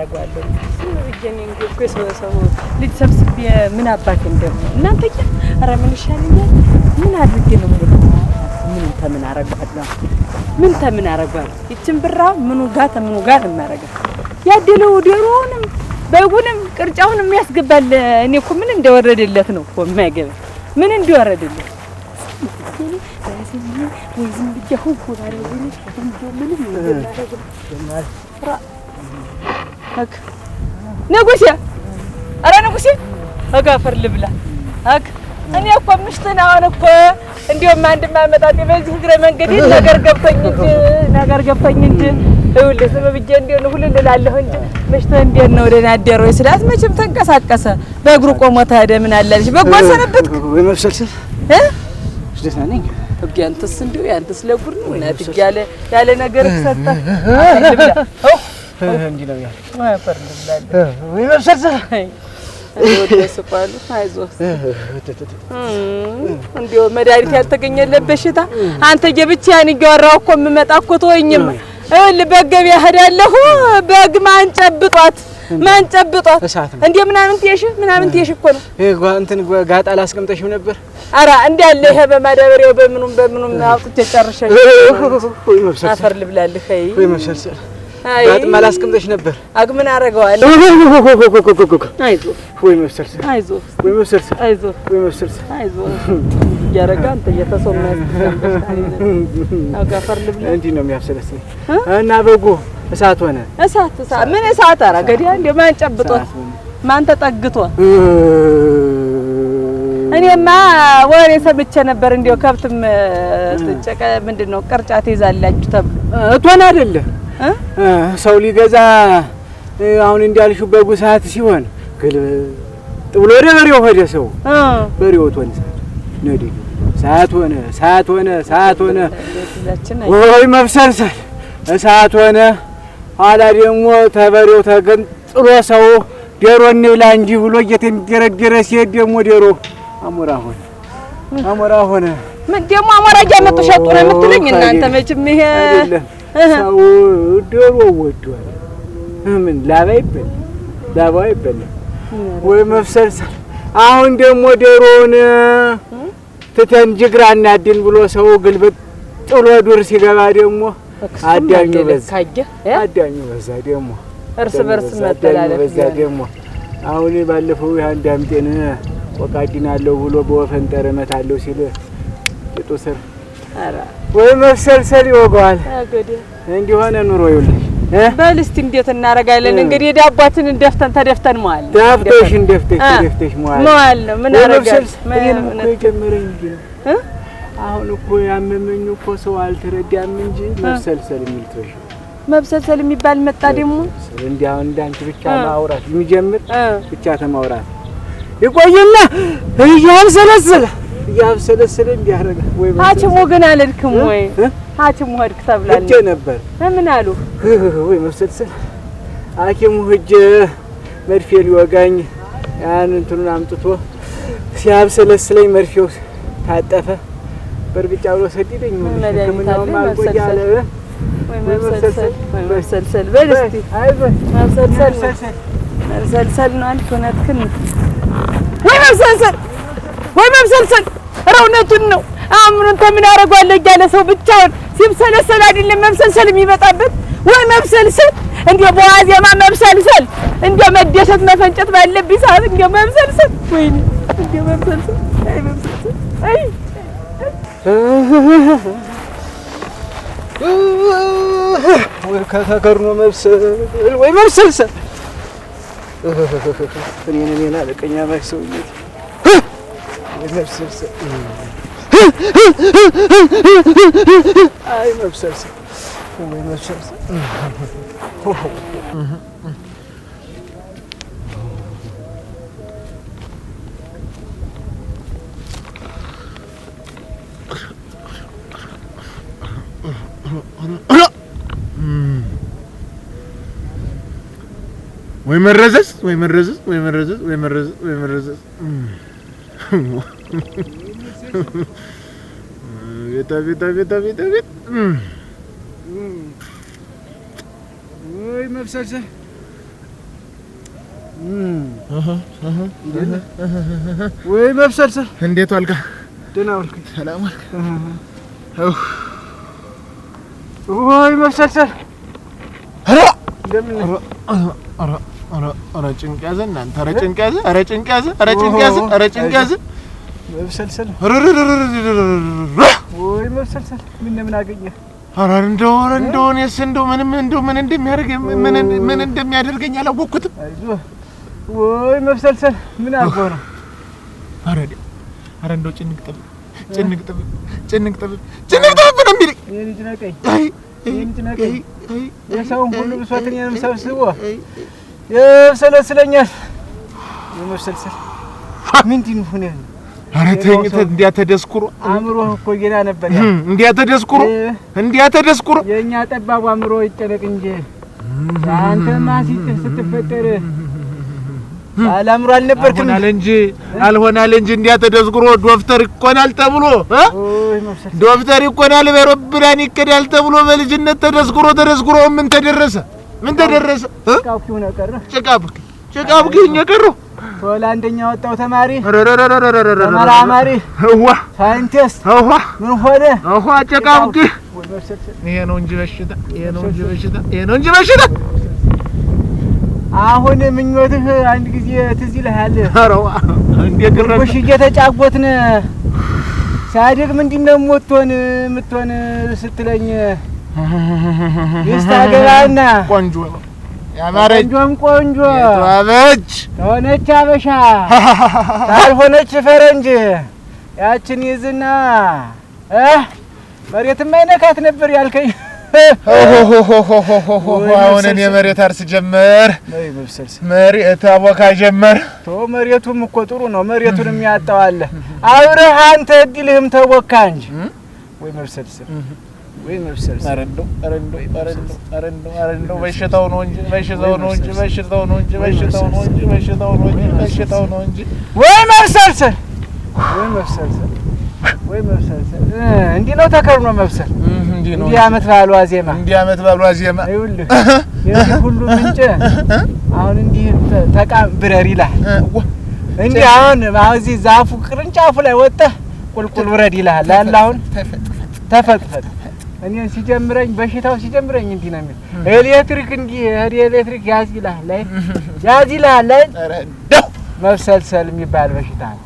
አደርገዋለሁ። ሰው ልጅ ሰብስቤ ምን አባቴ እንደው እናንተ ኧረ ምን ይሻለኛል? ምን አድርጌ ነው ምን ተምን አደርገዋለሁ? ምን ተምን አደርገዋለሁ? ይችን ብራ ምኑ ጋ ተምኑ ጋ የማደርገው ያደለው ዶሮውንም በጉንም ቅርጫውንም ያስገባል። እኔ እኮ ምን እንደወረደለት ነው እኮ የማይገባ ምን እንደወረደለት ወይ ዝም ብዬ አሁን ንጉሴ፣ ኧረ ንጉሴ አፈር ልብላ። እኔ እኮ ምሽትን አሁን እኮ እንዲሁም አንድማ መጣጤ በዚህ እግረ መንገድ ነገር ገብቶኝ እንጂ ነገር ገብቶኝ እንጂ ይኸውልህ ዝም ብዬሽ እንዲሁ ሁሉን እላለሁ እንጂ ምሽትህ እንዴት ነው ደህና አደር ወይ ስላት መቼም ተንቀሳቀሰ በእግሩ ቆሞ ተሄደ። ምን አላለች? በጎ ሰነበትክ ወይ መብሰልሰል እ ደህና ነኝ እግ ያንተስ እንዲሁ ያንተስ ለጉድ ነው እናት እያለ ያለ ነገር ሰጠህ እንዲህ ነው ያለው። እንደው መድኃኒት ያልተገኘለት በሽታ አንተ ብቻዬን እያወራሁ እኮ የምመጣ እኮ ተወኝማ። ይኸውልህ በገበያ እሄዳለሁ። በግ ማንጨብጧት ማንጨብጧት እንደ ምናምን ትየሽ ምናምን ትየሽ እኮ ነው እንትን ጋጣ ላስቀምጠሽም ነበር። ኧረ እንዳለ ይሄ በማዳበሪያው በምኑም በምኑም አውጥቼ ጨርሼ አፈር ልብላልህ። በጥማል አስቀምጠሽ ነበር። አግምን አደርገዋለሁ። አይዞህ ወይ መብሰልሰል፣ አይዞህ ወይ መብሰልሰል፣ አይዞህ እና በጎ እሳት ሆነ። እሳት እሳት ምን እሳት? ገዲያ እንደ ማን ማን እኔማ ወሬ ሰምቼ ነበር። እንዲያው ከብትም ምንድን ነው ተብሎ እቶን ሰው ሊገዛ አሁን እንዳልሽው በጉ ሰዓት ሲሆን ግልብጥ ብሎ ወደ በሬው ሄደ። ሰው በሬው ቶን ሰዓት ሆነ ሰዓት ሆነ ሰዓት ሆነ ወይ መብሰልሰል ሰዓት ሆነ። ኋላ ደግሞ ተበሬው ተገንጥሎ ሰው ዴሮ እንብላ እንጂ ብሎ ጌት የሚደረደረ ሲሄድ ደግሞ ዴሮ አሞራ ሆነ አሞራ ሆነ። ምን ደግሞ አሞራ እያመጡ ሸጡ ነው የምትሉኝ እናንተ መቼም ይሄ አይደለም ሰው ዶሮ ወዷል። ምን ላባ ይበላል፣ ላባ ይበላል ወይ መፍሰልሰል። አሁን ደግሞ ዶሮውን ትተን ጅግራ እናድን ብሎ ሰው ግልብጥ ጥሎ ዱር ሲገባ ደግሞ አዳኙ በዛ፣ አዳኙ በዛ ደግሞ እርስ በርስ መተላለፍ በዛ ደግሞ አሁን ባለፈው አንድ አምጤን ቆቃዲን አለው ብሎ በወፈንጠር እመታለሁ ሲል ጥጡ ስር ወይ መብሰልሰል ይወገዋል። እንዲሆነ ኑሮ ይኸውልሽ። በል እስቲ እንዴት እናደርጋለን? እንግዲህ የዳቧትን እንደፍተን ተደፍተን መዋል ዳፍተሽ እንደፍተሽ ተደፍተሽ መዋል ነው። ምን አደርጋለሁ? ምን የጀመረኝ አሁን እኮ ያመመኝ እኮ ሰው አልተረዳም እንጂ መብሰልሰል የሚል ትበሽ መብሰልሰል የሚባል መጣ ደግሞ እንዲያው አሁን እንዳንቺ ብቻ ማውራት የሚጀምር ብቻ ተማውራት ይቆይና እያም ሰለሰለ እያብሰለሰለን ቢያረጋ ወይ ሐኪሙ ወገን አልሄድክም ወይ ሐኪሙ ሄድክ ተብላለህ? እጄ ነበር ምን አሉ? ወይ መብሰልሰል ሐኪሙ ሂጅ መርፌ ሊወጋኝ ያን እንትኑን አምጥቶ ሲያብሰለስለኝ መርፌው ታጠፈ። በእርግጫ ብሎ ሰዲደኝ ሕክምናውም አልቆ እያለ ወይ መብሰልሰል መብሰልሰል በል እስኪ መብሰልሰል መብሰልሰል ነው አልክ። እውነትህን ወይ መብሰልሰል ወይ መብሰልሰል ኧረ እውነቱን ነው። አእምሮን ተምን አደርገዋለሁ እያለ ሰው ብቻውን ሲብሰለሰል አይደለም መብሰልሰል የሚመጣበት ወይ መብሰልሰል እንደ በዋዜማ መብሰልሰል እንደ መደሰት መፈንጨት ባለብኝ ሰዓት እንደ መብሰልሰል ወይ እንደ መብሰልሰል አይ መብሰልሰል ወይ ከተከርኖ መብሰል ወይ መብሰልሰል እኔን እኔን አለቀኛ ማይ ሰውዬ Nefes nefese. Ay nefes nefese. Ay nefes nefese. ويمرزز ويمرزز ويمرزز ويمرزز ويمرزز Vita, vita, vita, vita, vita. Oi, meu senhor. ወይ መብሰል ስር እንዴት ዋልካ? ደህና ዋልክ? ሰላም ዋልክ? ወይ መብሰል ስር እንደምን ጭንቅ ያዘ እናንተ! ኧረ ጭንቅ ያዘ! ኧረ ጭንቅ ያዘ! ኧረ ጭንቅ ያዘ! ኧረ ጭንቅ ያዘ! መብሰልሰል ወይ መብሰልሰል! ምን እንደሚያደርገኝ አላወቅኩትም። አይዞህ ሰብስቦ ያብሰለስለኛል። የመብሰልሰል ምንድን ሆነ? ኧረ ተኝ እንዲያ ተደስኩሮ አእምሮህ እኮ ገና ነበር። እንዲያ ተደስኩሮ እንዲያ ተደስኩሮ የእኛ ጠባቡ አእምሮ ይጨነቅ እንጂ አንተማ ሲጥህ ስትፈጠር አላምሮ አልነበርክም። አልሆናል እንጂ አልሆናል እንጂ እንዲያ ተደስኩሮ ዶክተር ይኮናል ተብሎ ዶክተር ይኮናል በሮብዳን ይከዳል ተብሎ በልጅነት ተደስኩሮ ተደስኩሮ ምን ተደረሰ? ምን ተደረሰ? ጭቃብኪውን ቀረ ጭቃብኪ ጭቃብኪኝ የቀረው አንደኛ ወጣው ተማሪ ተመራማሪ እዋ ሳይንቲስት እዋ ምን ሆነ እዋ ጭቃብኪ። ይሄ ነው እንጂ በሽታ ይሄ ነው እንጂ በሽታ ይሄ ነው እንጂ በሽታ። አሁን ምኞትህ አንድ ጊዜ ትዝ ይልሃል። ኧረ ዋ እንደ ግረሽ እየተጫወትን ሳድግ ምንድን ነው የምትሆን የምትሆን ስትለኝ ሚስት አገባና ቆንጆ ነው ያማረች ቆንጆም ቆንጆ የተዋበች ከሆነች አበሻ ካልሆነች ፈረንጅ ያችን ይዝና መሬትም አይነካት ነበር ያልከኝ። አሁን እኔ መሬት አርስ ጀመር፣ መሬት አቦካ ጀመር። ተው መሬቱም እኮ ጥሩ ነው። መሬቱን የሚያጣው አብረህ አንተ እድልህም ተቦካ እንጂ ወይ መብሰልሰል እንደው በሽታው ነው እንጂ ነው እንጂ ነው እንጂ ነው እንጂ ነው እንጂ ነው እንጂ ወይ መብሰልሰል እንዲህ ነው ተከርኖ መብሰል እንዲህ ነው። እንዲህ ዓመት በዓሉ ዋዜማ እንዲህ ዓመት በዓሉ ዋዜማ ይኸውልህ የዚህ ሁሉ ምንጭ አሁን እንዲህ ተቃም ብረር ይላል። እንዲህ አሁን እዚህ ዛፉ ቅርንጫፉ ላይ ወጥተህ ቁልቁል ውረድ ይልሃል። አሁን ተፈጥፈጥ እኔን ሲጀምረኝ በሽታው ሲጀምረኝ እንዲህ ነው የሚል ኤሌክትሪክ እንዲህ ኤሌክትሪክ ያዝ ይልሃል ላይ ያዝ ይልሃል ላይ መብሰልሰል የሚባል በሽታ ነው።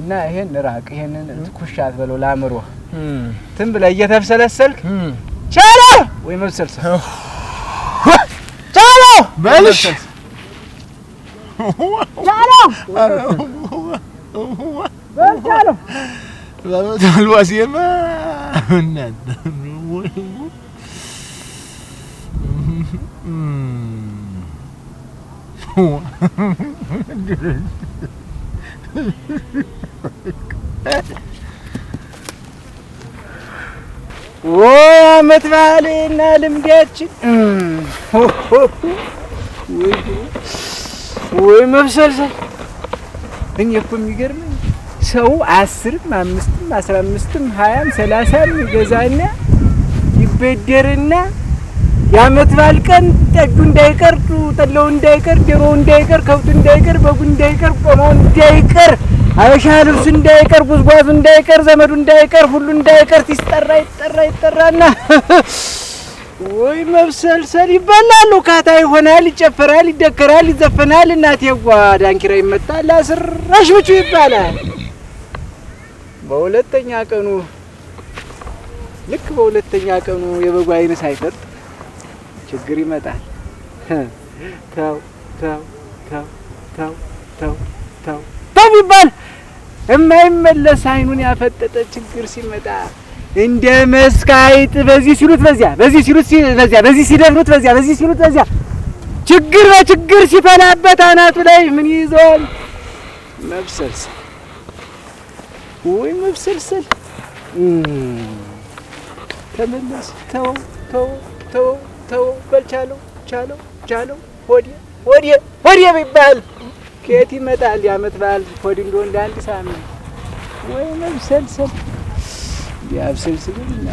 እና ይሄን ራቅ፣ ይሄንን ትኩሻ አትበለው ለአእምሮህ። ትን ብለህ እየተብሰለሰልክ ቻሎ ወይ መብሰልሰል ቻሎ በልሽ ቻሎ በልቻሎ በልቻሎ በልቻሎ Hmm. Oo Ahmet Veli'nin elim geçin. ወይ መብሰልሰል እኛ እኮ የሚገርመኝ ሰው አስርም አምስትም አስራ አምስትም ሀያም ሰላሳም ይገዛና ይበደርና የአመት በዓል ቀን ጠጁ እንዳይቀር፣ ጠላው እንዳይቀር፣ ዶሮው እንዳይቀር፣ ከብቱ እንዳይቀር፣ በጉ እንዳይቀር፣ ቆሎው እንዳይቀር፣ አበሻ ልብሱ እንዳይቀር፣ ጉዝጓዙ እንዳይቀር፣ ዘመዱ እንዳይቀር፣ ሁሉ እንዳይቀር ሲጠራ ይጠራ ይጠራና ወይ መብሰልሰል ይበላሉ። ካታ ይሆናል፣ ይጨፈራል፣ ይደከራል፣ ይዘፈናል። እናቴ ጓ ዳንኪራ ይመጣል፣ አስራሽ ብቹ ይባላል። በሁለተኛ ቀኑ ልክ በሁለተኛ ቀኑ የበጉ አይነ ችግር ይመጣል። ተው ተው ተው ተው ተው ተው ተው ይባል የማይመለስ አይኑን ያፈጠጠ ችግር ሲመጣ እንደ መስካይጥ በዚህ ሲሉት በዚያ በዚህ ሲሉት በዚያ በዚህ ሲደፍኑት በዚያ በዚህ ሲሉት በዚያ ችግር በችግር ሲፈላበት አናቱ ላይ ምን ይዟል? መብሰልሰል ወይ መብሰልሰል። ተመለስ። ተው ተው ተው ተው በል ቻለው ቻለው ቻለው ሆዴ ሆዴ ሆዴ ቢባል ከየት ይመጣል? የአመት በዓል ሆድ እንዶ እንደ አንድ ሳምንት ወይ መብሰልሰል ቢያብሰልስልና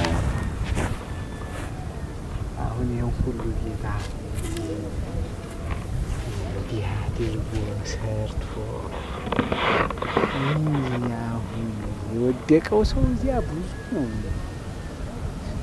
አሁን ይኸው ሁሉ ጌታ ዲያድርጎ ሰርቶ አሁን የወደቀው ሰው እዚያ ብዙ ነው።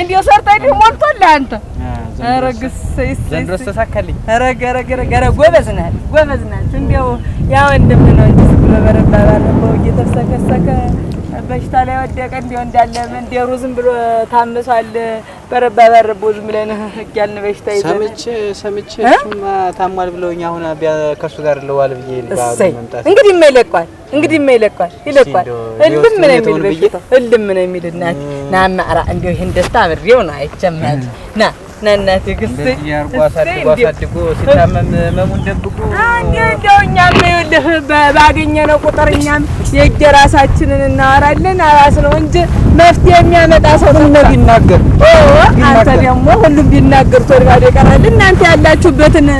እንዲያው ሰርተህ ሞልቶልህ አንተ። ኧረ ግስ ዘንድሮ ተሳካልኝ። ኧረ ገረገ ገረ ጎበዝ ነህ ጎበዝ ናችሁ። እንዲያው ያ ወንድም ነው እንጂ ስትበረባ ባለፈው እየተሰከሰከ በሽታ ላይ ወደቀ እንዲሆን እንዳለም እንዲሩ ዝም ብሎ ታምሷል። በረባባረቦ ዝም ብለን እያልን በሽታ ይዘን ሰምቼ ሰምቼ እሱማ ታሟል ብለውኝ አሁን ከእሱ ጋር ልዋል ብዬ መምጣት እንግዲህ ማ ይለቋል እንግዲህ ማ ይለቋል ይለቋል። እልም ነው የሚል በሽታ እልም ነው የሚል እናት ናማራ እንዲሁ ይህን ደስታ አብሬው ነው አይቸማት ና ነናቴ ግስት አሳድጎ ሲታመም መሙን ደብቆ እንደው እኛም ይኸውልህ ባገኘነው ቁጥር እኛም የየራሳችንን እናወራለን። አራስ ነው እንጂ መፍትሄ የሚያመጣ ሰው ቢናገር፣ አንተ ደግሞ ሁሉም ቢናገር ቶልባዶ ይቀራል። እናንተ ያላችሁበትን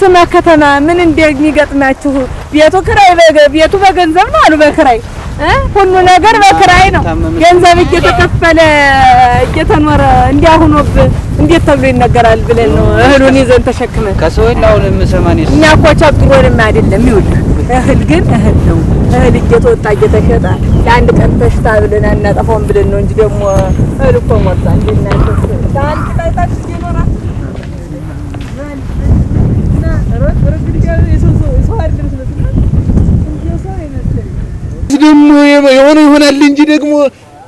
ስማ ከተማ ምን እንደሚገጥማችሁ ቤቱ ክራይ ቤቱ በገንዘብ ነው አሉ በክራይ ሁሉ ነገር በክራይ ነው። ገንዘብ እየተከፈለ እየተኖረ እንዲያሁኖብህ እንዴት ተብሎ ይነገራል ብለን ነው እህሉን ይዘን ተሸክመን ከሰውና አሁን ይስ እኛ እኮ ቸብጥሮንም አይደለም። ይውል እህል ግን እህል ነው። እህል እየተወጣ እየተሸጠ ለአንድ ቀን ተሽታ ብለን አናጠፋውን ብለን ነው እንጂ ደግሞ እህል እኮ ሞጣ ደግሞ የሆነ ይሆናል እንጂ ደግሞ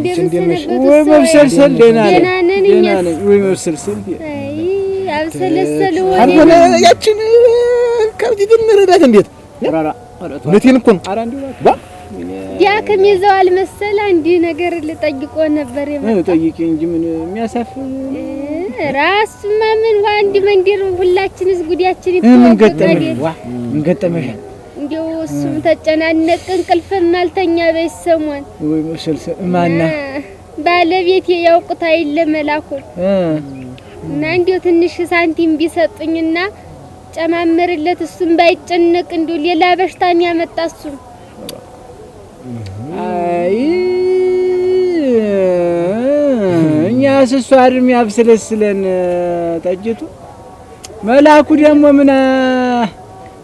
ወይ መብሰልሰል ደህና ነኝ ደህና ነኝ። ወይ መብሰልሰል አብሰለሰል አልሆነ ያችን ከብትን መረዳት እንዴት እውነቴን እኮ ነው ዲያክም ይዘዋል መሰል አንድ ነገር ልጠይቆ ነበር የመጣው። ጠይቄ እንጂ ምን የሚያሳፍር ራሱማ ምን አንድ መንደር ሁላችንስ ጉዳያችን ይተወቅ ታዲያ ምን ገጠመሽ? እንዲያው እሱም ተጨናነቅ እንቅልፍን አልተኛ በይ ወይ መሰልሰል ማና ባለቤት ያውቁት አይለ መላኩ እና እንዲያው ትንሽ ሳንቲም ቢሰጡኝና ጨማምርለት እሱም ባይጨነቅ እንዲሁ ሌላ በሽታን ያመጣ እሱ አይ እኛ ስሷ አድም ያብስለስለን ጠጅቱ መላኩ ደግሞ ምን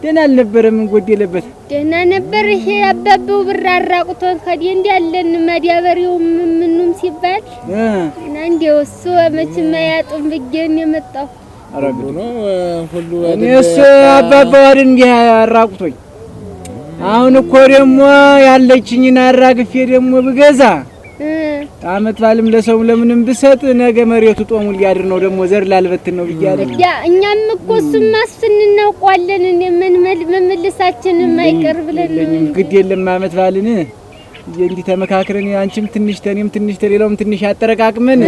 ደህና አልነበረም። ምን ጎደለበት? ደህና ነበር። ይሄ አባበው ብር አራቁቶን ከዲህ እንዳለን ማዳበሪያውም ምኑም ሲባል እና እንዲያው እሱ መቼም አያጡም ብዬ ነው የመጣሁ። እኔ እሱ አባባው አይደል እንዲህ አራቁቶኝ። አሁን እኮ ደግሞ ያለችኝን አራግፌ ደግሞ ብገዛ አመት ባልም ለሰው ለምንም ብሰጥ ነገ መሬቱ ጦሙ ሊያድር ነው፣ ደግሞ ዘር ላልበት ነው ብያለ። ያ እኛም እኮ እሱን ማስፍን እናውቋለን። ምን መመልሳችን የማይቀር ብለን ግድ የለም አመት ባልን እንዲህ ተመካክረን አንቺም ትንሽ ተኔም ትንሽ ተሌላውም ትንሽ አጠረቃቅመን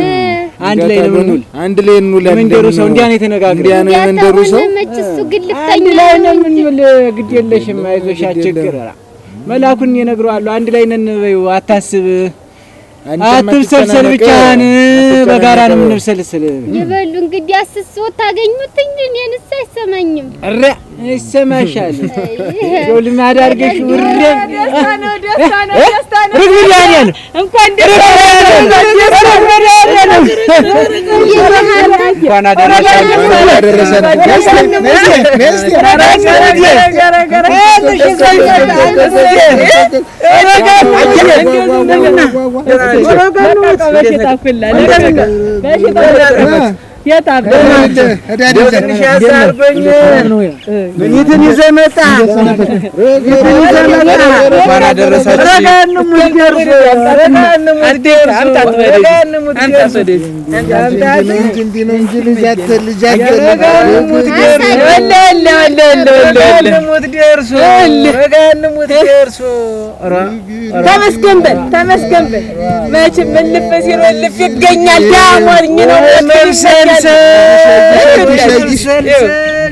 አንድ ላይ ነው እንውል። አንድ ላይ እንውል። መንደሩ ሰው እንዲያ ነው የተነጋገረ። እንዲያ ነው መንደሩ ሰው መችሱ ግልፍተኛ ላይ ነው የምንውል። ግድ የለሽም አይዞሽ፣ አትቸግር። መላኩን እነግረዋለሁ። አንድ ላይ ነን በይው፣ አታስብ አትብሰልሰል ብቻህን በጋራ ነው የምንብሰልሰል። ይበሉ እንግዲህ አስስ ወታገኙት እንጂ እኔንስ አይሰማኝም። ኧረ ይሰማሻል። ይኸው ልማድ አድርገሽ ውሬ እንኳን ይዘመጣ ተመስገን በል ተመስገን በል። መቼም እልፍ ሲል እልፍ ይገኛል። ዳሞኝ ነው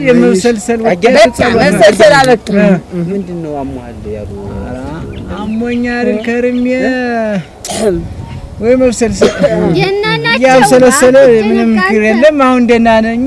የመብሰልሰል ምንድን ነው አሞሃል ያሉ አሞኛል ከርሜ ወይ መብሰልሰል ያብሰለሰለ ምንም ችግር የለም። አሁን ደህና ነኝ።